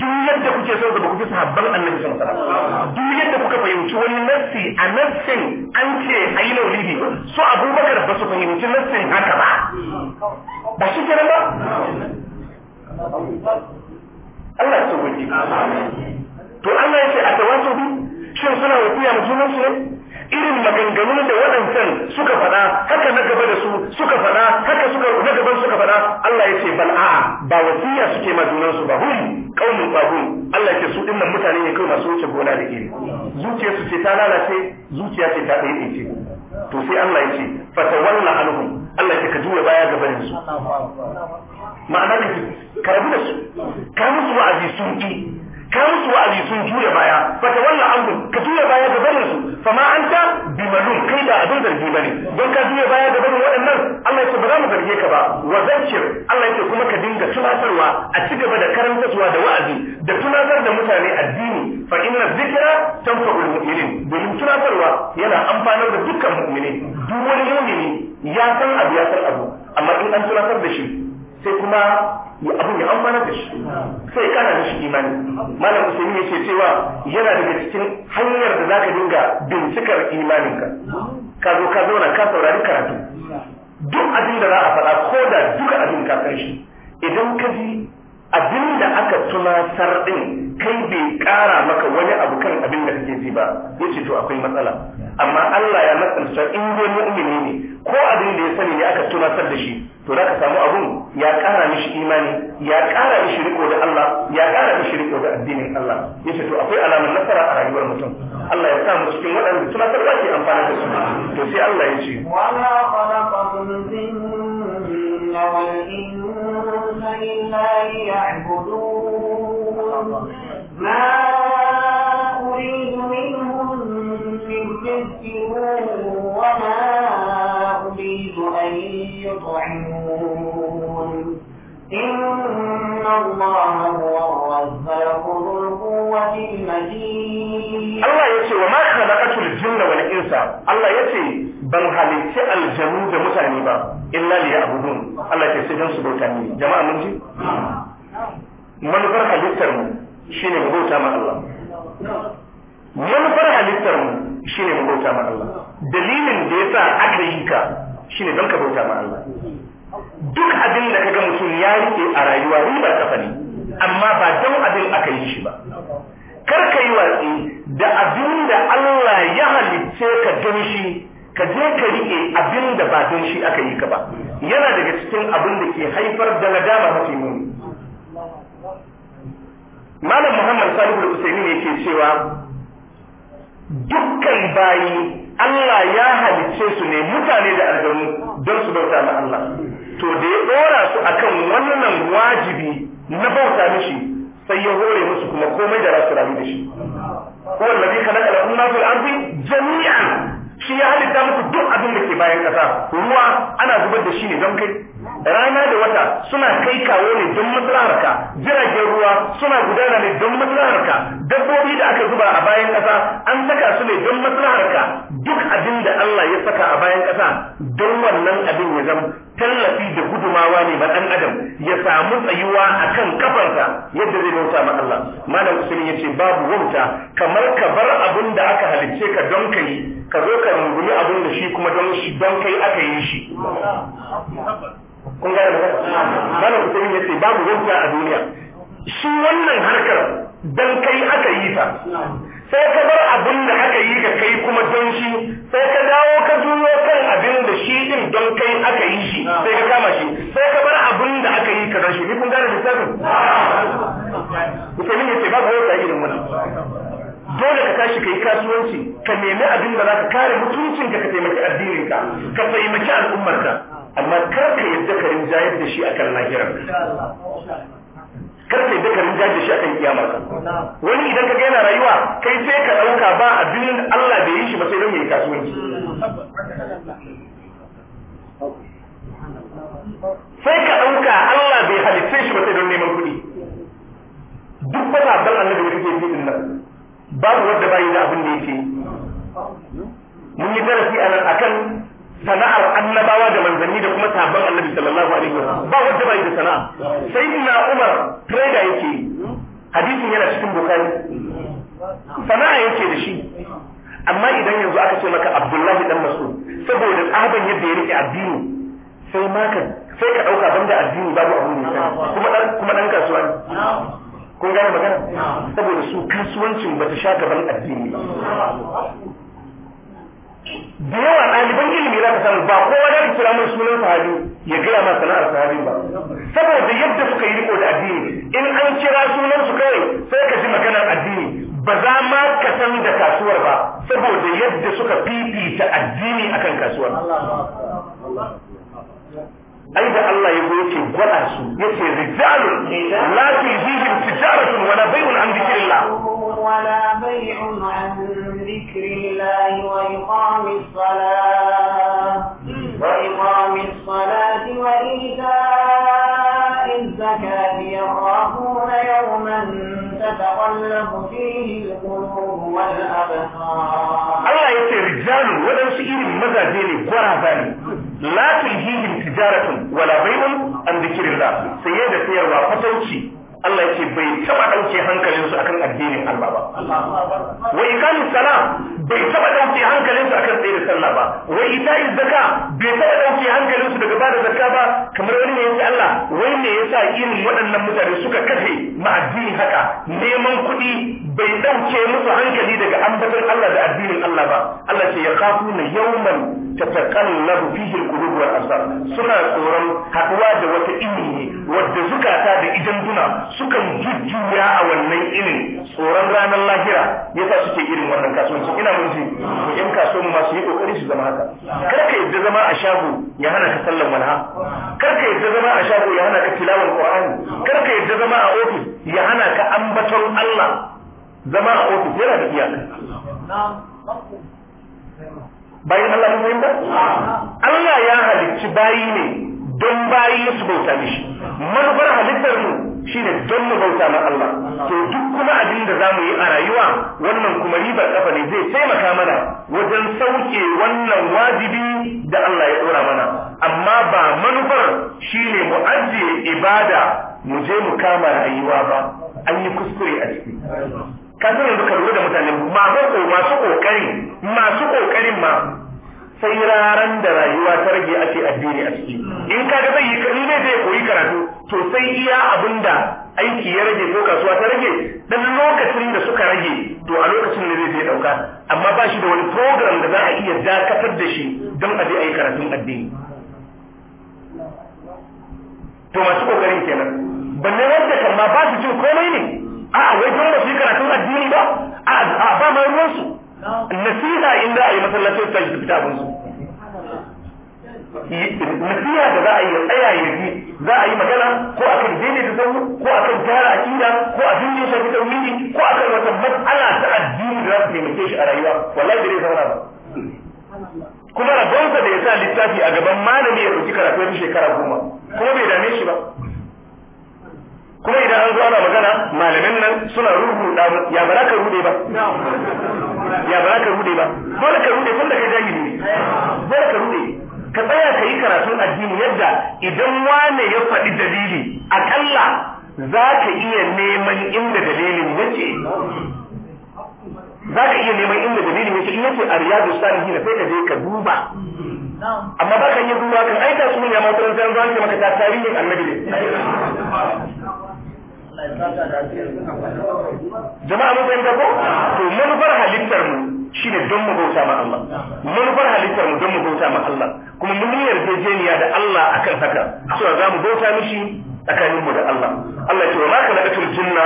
Speaker 2: duk yadda kuke so da ku fi sahabban annabi sallallahu alaihi wasallam duk yadda kuka fahimci wani nassi a nassin an ce ayi maulidi su abubakar ba su fahimci nassin haka ba ba shi kenan ba Allah ya so gobe to Allah ya ce a tawassul shin suna wuya mutumin su ne irin maganganun da waɗancan suka faɗa haka na gaba da su suka faɗa haka suka na gaban suka faɗa Allah ya ce bal a'a ba wasiya suke ma junan su ba hum qaumun hun. Allah ya ce su dinnan mutane ne kai masu wuce gona da iri zuciya su ce ta lalace zuciya ce ta ɗaya ce to sai Allah ya ce fatawalla anhum Allah ya ce ka juya baya gaban su ma'ana ne ka rabu da su ka musu wa'azi sun ki ka musu wa'azi sun juya baya fatawalla anhum ka juya abin zargi bane don ka juya baya da barin waɗannan Allah ya ce ba za mu zarge ka ba wa zancir Allah ya ce kuma ka dinga tunatarwa a ci gaba da karantarwa da wa'azi da tunatar da mutane addini fa inna zikra tanfa'ul mu'minin domin tunatarwa yana amfanar da dukkan mu'mini duk wani mu'mini ya san abu ya san abu amma in an tunatar da shi sai kuma abu ya amfana da shi sai kana da shi imani malam musulmi yake cewa yana daga cikin hanyar da zaka dinga bincikar imaninka ka zo ka zauna ka saurari karatu duk abin da za a faɗa ko da duka abin ka san shi idan ka ji abin da aka tunatar din kai bai kara maka wani abu kan abin da kake ji ba yace to akwai matsala amma Allah ya matsanta in dai mu'mini ne ko abin da ya sani ne aka tunatar da shi to za ka samu abun ya kara mishi imani ya kara mishi riko da Allah ya kara mishi riko da addinin Allah yace to akwai alamar nasara a rayuwar mutum Allah ya sa mu cikin waɗanda da ke amfana da su to sai Allah ya ce wala
Speaker 1: khalaqatul jinna wal فلله يعبدون ما أريد منهم من رزق وما أريد أن يطعمون إن الله هو الرزاق ذو القوة المتين الله يتي وما خلقت الجن
Speaker 2: ban halitti aljanu da mutane ba illa li ya'budun Allah ke sai don su bauta ni jama'a mun ji manufar halittar mu shine mu bauta ma Allah manufar halittar mu shine mu bauta ma Allah dalilin da yasa aka yi ka shine don ka bauta ma Allah duk abin da kaga mutum ya rike a rayuwa riba kafa ne amma ba don abin aka yi shi ba kar ka yi watsi da abin da Allah ya halitta ka don shi ka je ka rike abin da ba don shi aka yi ka ba yana daga cikin abin da ke haifar da nadama mafi muni malam muhammad salihu da usaini ne ke cewa dukkan bayi Allah ya halicce su ne mutane da aljanu don su bauta ma Allah to da ya dora su akan wannan wajibi na bauta mishi sai ya hore musu kuma komai da rasu rami da shi kowal ladhi khalaqa lakum ma fil arzi jami'an shi ya halitta musu duk abin da ke bayan kasa ruwa ana zubar da shi ne don kai rana da wata suna kai kawo ne don maslaharka jiragen ruwa suna gudana ne don maslaharka dabbobi da aka zuba a bayan ƙasa an saka su ne don maslaharka duk abin da Allah ya saka a bayan ƙasa don wannan abin ya zama tallafi da gudumawa ne ba dan adam ya samu tsayuwa akan kafarsa yadda zai bauta ma Allah malam usman yace babu wauta kamar ka bar abin da aka halicce ka don kai ka zo ka rungumi abin da shi kuma don shi don kai aka yi shi kun ga malam usman yace babu wauta a duniya shi wannan harkar don kai aka
Speaker 3: yi ta sai ka bar abin da aka yi ka kai kuma don shi sai ka dawo ka juyo kan abin da shi din don kai aka yi shi sai ka kama shi sai ka bar abin da aka
Speaker 2: yi ka don ni kun gane lissafin musulmi ne ce ba kawai ta irin wani. dole ka tashi ka yi kasuwanci ka nemi abin da za ka kare mutuncinka ka taimaki addininka ka taimaki al'ummarka amma kar ka yadda ka rinjayar da shi akan lahirar kar kai da karin jaji shi akan kiyama ka wani idan ka ga yana rayuwa kai sai ka dauka ba abin Allah bai yi shi ba sai don yayi kasuwanci
Speaker 3: sai ka dauka Allah bai halitta
Speaker 2: shi ba sai don neman kuɗi duk ta abdal annabi da yake yi nan babu wanda bai da abin da yake mun yi darasi a nan akan sana'ar annabawa da manzanni da kuma sahabban annabi sallallahu alaihi wasallam ba wanda bai da sana'a sai ina umar trader yake hadisin yana cikin bukari sana'a yake da shi amma idan yanzu aka ce maka abdullahi dan mas'ud saboda tsaban yadda ya rike addini sai maka sai ka dauka banda addini babu abu ne kuma dan kuma dan kasuwa kun gane magana saboda su kasuwancin bata sha gaban addini da yawa ɗaliban ilimi za ka samu ba kowa da kira mai sunan sahabi ya gaya ma sana'ar sahabi ba saboda yadda suka yi riko da addini in an kira sunan su kai sai ka ji maganar addini ba za ma ka san da kasuwar ba saboda yadda suka fifita addini akan kasuwar ai da Allah ya zo yake gwada su yace rijalun la tujihim tijaratun wala bay'un an dhikrillah
Speaker 1: wala bay'un an ذكر الله وإقام الصلاة وإقام الصلاة وإيتاء الزكاة يخافون يوما تتقلب فيه القلوب والأبصار الله يقول رجال
Speaker 2: ولو سئل ماذا ديني قرابا لا تلهيهم تجارة ولا بيع عن ذكر الله سيدة سيروا فتوشي Allah yake bai taba dauke hankalinsu akan addinin Allah ba wa iqamis salam bai taba dauke hankalinsu akan tsere sallah ba wa ita'iz zaka bai taba dauke hankalinsu daga bada zakka ba kamar wani ne yace Allah wai me yasa irin waɗannan mutane suka kafe ma addini haka neman kuɗi bai dauke musu hankali daga ambaton Allah da addinin Allah ba Allah ce ya na yawman tatakallabu fihi alqulub wal asar suna tsoron haduwa da wata ilimi wadda zukata da idan duna sukan jujjuya a wannan ilimi tsoron ranar lahira yasa suke irin wannan kasuwanci ina mun ko in kasuwanci ma su yi kokari su zama haka kar ka yadda zama a shago ya hana ka sallan walha kar ka yadda zama a shago ya hana ka tilawar qur'ani kar ka yadda zama a ofis ya hana ka ambaton Allah zama a ofis yana da iyaka bayin Allah mun ba? Allah ya halicci bayi ne don bayi su bauta mishi manufar halittar mu shine don mu bauta ma Allah to duk kuma abin da zamu yi a rayuwa wannan kuma ribar kafa ne zai taimaka mana wajen sauke wannan wajibi da Allah ya dora mana amma ba manufar shine mu ajiye ibada mu je mu kama rayuwa ba an yi kuskure a ciki ka san yanzu ka lura da mutane masu masu kokari masu kokarin ma sai raran da rayuwa ta rage a ce addini a ciki in ka ga zai yi in zai zai koyi karatu to sai iya abinda aiki ya rage ko kasuwa ta rage dan lokacin da suka rage to a lokacin ne zai zai dauka amma ba shi da wani program da za a iya dakatar da shi don a je a yi karatun addini to masu kokarin kenan balle wanda kan ma ba su jin komai ne a wai don ba su yi karatun addini ba a ba ma ruwansu nasiha in za a yi masallacin sai su fita bunsu nasiha da za a yi tsaya ya ji za a yi magana ko a kan dini da sauru ko a kan gyara akida ko a da ya shafi tsaunini ko a kan wata matsala ta addini da za su taimake shi a rayuwa wallahi da zai zauna ba kuma rabonsa da ya sa littafi a gaban malami ya ɗauki karatu wata shekara goma kuma bai dame shi ba kuma idan an zo ana magana malamin nan suna da ya bara ka rude ba ya bara ka rude ba dole ka rude tun da kai jahili ne dole ka rude ka tsaya ka yi karatun addini yadda idan wane ya faɗi dalili akalla za ka iya neman inda dalilin yake
Speaker 3: za ka iya neman inda dalilin yake in yake a riyadu
Speaker 2: na sai ka je ka duba
Speaker 3: amma ba ka yi duba kan aika su ne a makarantar zuwa ce maka tarihin annabi ne jama'a mun fahimta ko to manufar
Speaker 2: halittar mu shine don mu bauta ma Allah manufar halittar mu don mu bauta ma Allah kuma mun yi yarjejeniya da Allah akan haka cewa za mu bauta mishi tsakanin mu da Allah Allah ce wa ma khalaqatul jinna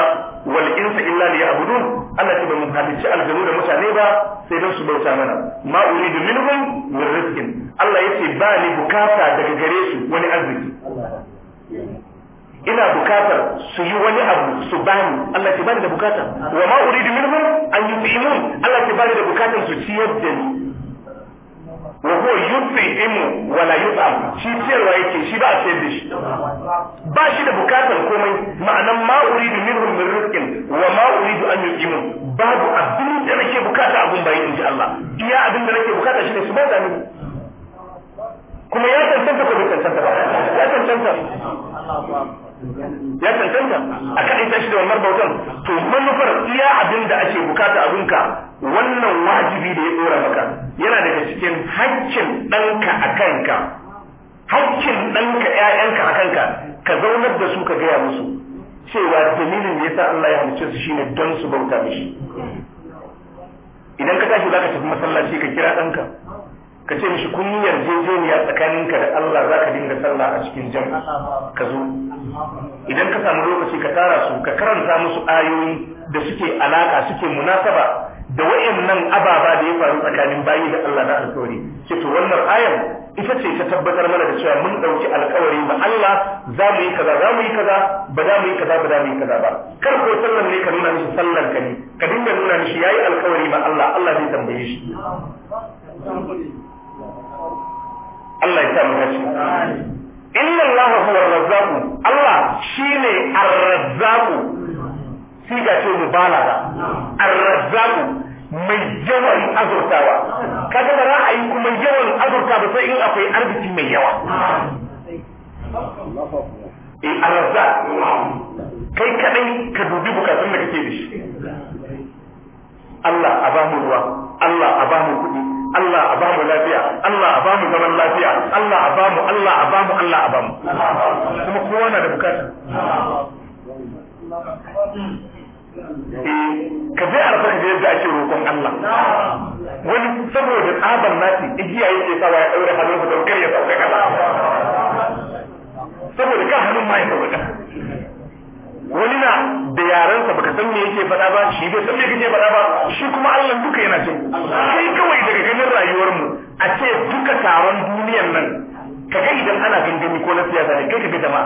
Speaker 2: wal insa illa liya'budun Allah ce ba mu halicci aljanu da mutane ba sai don su bauta mana ma uridu minhum min rizqin Allah yace ba ni bukata daga gare su wani arziki ina bukatar su yi wani abu su bani Allah ke bani da bukata wa ma uridu minhum an yut'imun Allah ke bani da bukatar su ci yadda ni wa huwa yut'imu wa la yut'am shi ciyarwa yake shi ba sai da shi ba shi da bukatar komai ma'anan ma uridu minhum min rizqin wa ma uridu an yut'imun babu abin da nake bukata abun bai inji Allah iya abin da nake bukata shi ne su ba da ni
Speaker 3: kuma ya tantance ko bai tantance ba ya
Speaker 2: tantance ya cancanta a kan ita shi da wannan bautan to manufar iya abin da ake bukata abinka wannan wajibi da ya ɗora maka yana daga cikin haƙƙin ɗanka a kanka haƙƙin ɗanka ‘ya'yanka a kanka ka zaunar da su ka gaya musu cewa dalilin da ya sa Allah ya halicce su shine don su bauta mishi idan ka tashi za ka tafi masallaci ka kira ɗanka ka ce mishi kun yi yarjejeniya tsakaninka da Allah za ka dinga sallah a cikin jam'a. ka zo idan ka samu lokaci ka tara su ka karanta musu ayoyi da suke alaka suke munasaba da wayannan ababa da ya faru tsakanin bayi da Allah na alƙawari ce to wannan ayar ita ce ta tabbatar mana da cewa mun ɗauki alƙawari ma Allah za mu yi kaza za mu yi kaza ba za mu yi kaza ba za mu yi kaza ba kar ko sallan ne ka nuna mishi sallan ka ne ka dinga nuna mishi yayi alƙawari ma Allah Allah zai tambaye shi
Speaker 3: Allah
Speaker 2: ya samu kashi. inna Allah huwa ar-razzaq Allah shine ar shi ga ce mubalaga ar-razzaq mai yawan azurtawa Kada da ra'ayi kuma yawan azurta ba sai in akwai arziki mai yawa
Speaker 3: In eh, ar kai kadai ka dubi bukatun da kake da shi
Speaker 2: Allah a ba mu ruwa Allah a ba mu kuɗi Allah a bamu lafiya Allah a bamu zaman lafiya Allah a bamu Allah a bamu Allah a bamu kuma kowa na da bukata
Speaker 3: eh, ka je a rasa yadda ake roƙon Allah wani saboda tsaban nasi igiya yake
Speaker 2: sawa ya ɗaure hannunsa don kar ya sauka kala
Speaker 3: saboda kan hannun ma ya sauka
Speaker 2: wani na da yarensa baka san me yake faɗa ba shi bai san me yake faɗa ba shi kuma Allah duka yana jin sai kawai daga ganin rayuwar mu a ce duka taron duniyar nan ka ga idan ana gangami ko na siyasa ne kai ka bi jama'a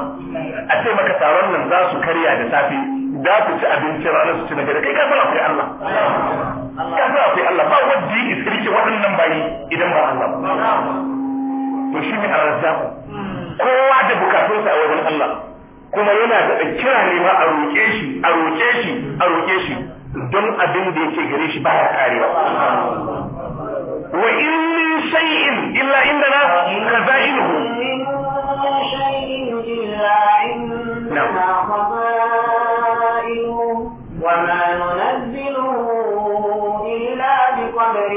Speaker 2: a ce maka taron nan za su karya da safe Za su ci abinci ranar su ci na gari kai ka san Allah ka san Allah ba wanda ya isa waɗannan bayi idan ba Allah to shi ne a kowa da bukatunsa a wajen Allah kuma yana da kira ne ma a roƙe shi a roƙe shi a roƙe shi don abin da yake gare shi baya karewa
Speaker 3: wa in min shay'in
Speaker 1: illa indana khaza'inuhu وما ننزله إلا بقدر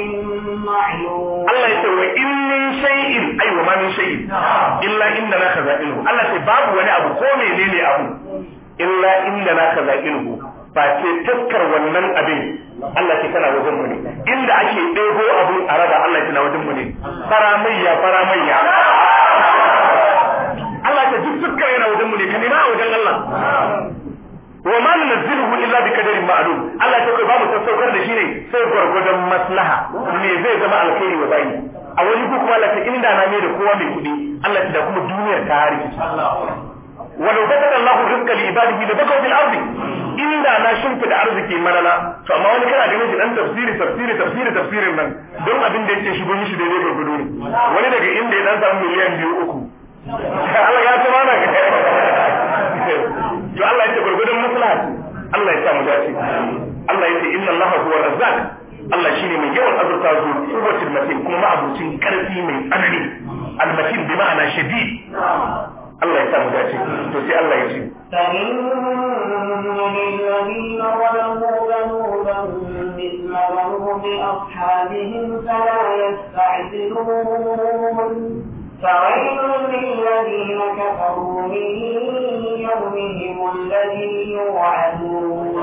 Speaker 1: معلوم الله يسوي
Speaker 2: shay'in ai wa ma min shay'in illa inda na kazailu Allah sai babu wani abu ko menene abu illa inda na kazailu ba ce taskar wannan abin Allah ke tana wajen mu ne inda ake ɗebo abin a raba Allah ke na wajen mu ne faramayya faramayya Allah ta duk dukkan yana wajen mu ne ka nema a wajen Allah wa ma nunzilu illa bi qadarin ma'lum Allah ta kai ba mu da shi ne sai gwargwadon maslaha me zai zama alkhairi wa bayi a wani ko kuma Allah ta inda na mai da kowa mai kuɗi Allah ta da kuma duniyar ta rikici walau kasar Allah rizqa li ibadihi da bakaw fil ardi inda na da arziki manana to amma wani kana ganin shi dan tafsiri tafsiri tafsiri tafsirin nan don abin da yake shigo mishi da yake gudu wani daga inda ya dan samu miliyan biyu uku Allah ya ta mana ga to Allah ya ce gurgudun maslaha Allah ya sa mu dace Allah ya ce inna Allahu huwa razzaq Allah shine mai yawan azurta zu kuwatul matin kuma ma'abucin karfi mai tsanani al-matin bi ma'ana shadid Allah ya samu dace to sai Allah ya ce
Speaker 1: فويل للذين كفروا من يومهم الذي يوعدون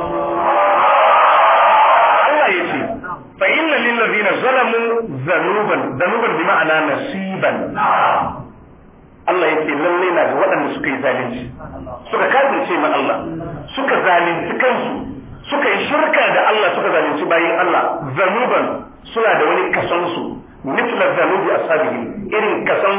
Speaker 2: fa inna lil ladina zalamu zanuban zanuban bi ma'ana nasiban Allah ya ce lalle na ga waɗanda suka yi zalunci suka kafirce ma Allah suka zalunci kansu suka yi shirka da Allah suka zalunci bayan Allah zanuban suna da wani kasansu. su mitla zanubi ashabihi irin kasan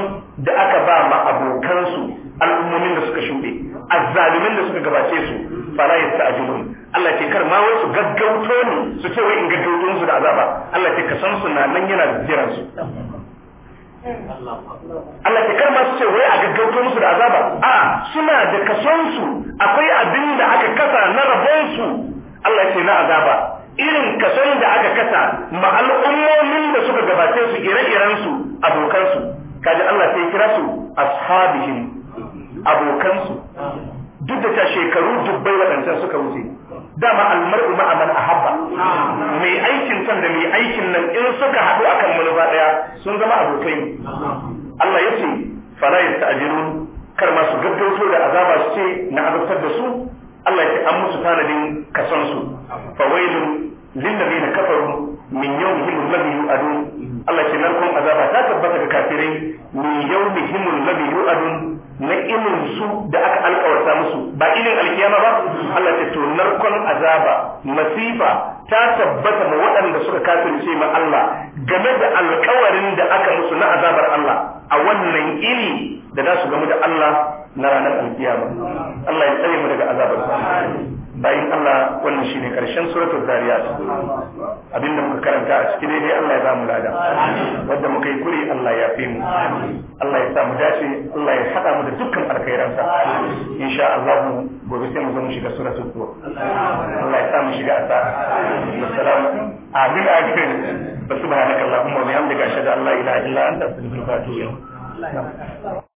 Speaker 2: da aka ba ma abokansu al'ummomin da suka shuɗe azzalumin da suka gabace su fala yasta'jilun Allah ce kar ma wai su gaggauto ne su ce wai in gaggauto su da azaba Allah ce ka san su na nan yana jiran su
Speaker 3: Allah ce kar ma su ce wai a gaggauto musu da azaba a suna da kason
Speaker 2: su akwai abin da aka kasa na rabon su Allah ce na azaba irin kason da aka kasa ma al'ummomin da suka gabace su ire-iren su abokan su kaji Allah sai kira su ashabihim abokan su duk da ta shekaru dubbai waɗancan suka wuce dama almar'u ma'a man habba. mai aikin son da mai aikin nan in suka haɗu akan manufa ɗaya sun zama abokai Allah ya ce fala yasta'jilun kar ma su gaggauto da azaba su ce na azabtar da su Allah ya ce an musu tanadin kason su fa wailun lil ladina kafaru min yawmihim alladhi yu'adun Allah ke azaba ta tabbata ga kafirai min yawmihimul labi yu'adun na ilin su da aka alkawarta musu ba ilin alkiyama ba Allah ce to azaba masifa ta tabbata ma waɗanda suka kafirce ma Allah game da alƙawarin da aka musu na azabar Allah a wannan iri da za su gamu da Allah na ranar alkiyama Allah ya tsare mu daga azabar sa bayan Allah wannan shine karshen suratul zariyat abinda muka karanta a cikin dai Allah ya ba mu lada wanda muka yi kuri Allah ya fi mu Allah ya sa mu dace Allah ya hada mu da dukkan alkhairansa insha Allah gobe sai mu zo mu shiga suratul tur Allah ya sa mu shiga asa
Speaker 3: assalamu amin amin subhanakallahumma wa bihamdika ashhadu an la ilaha illa anta astaghfiruka wa atubu ilaik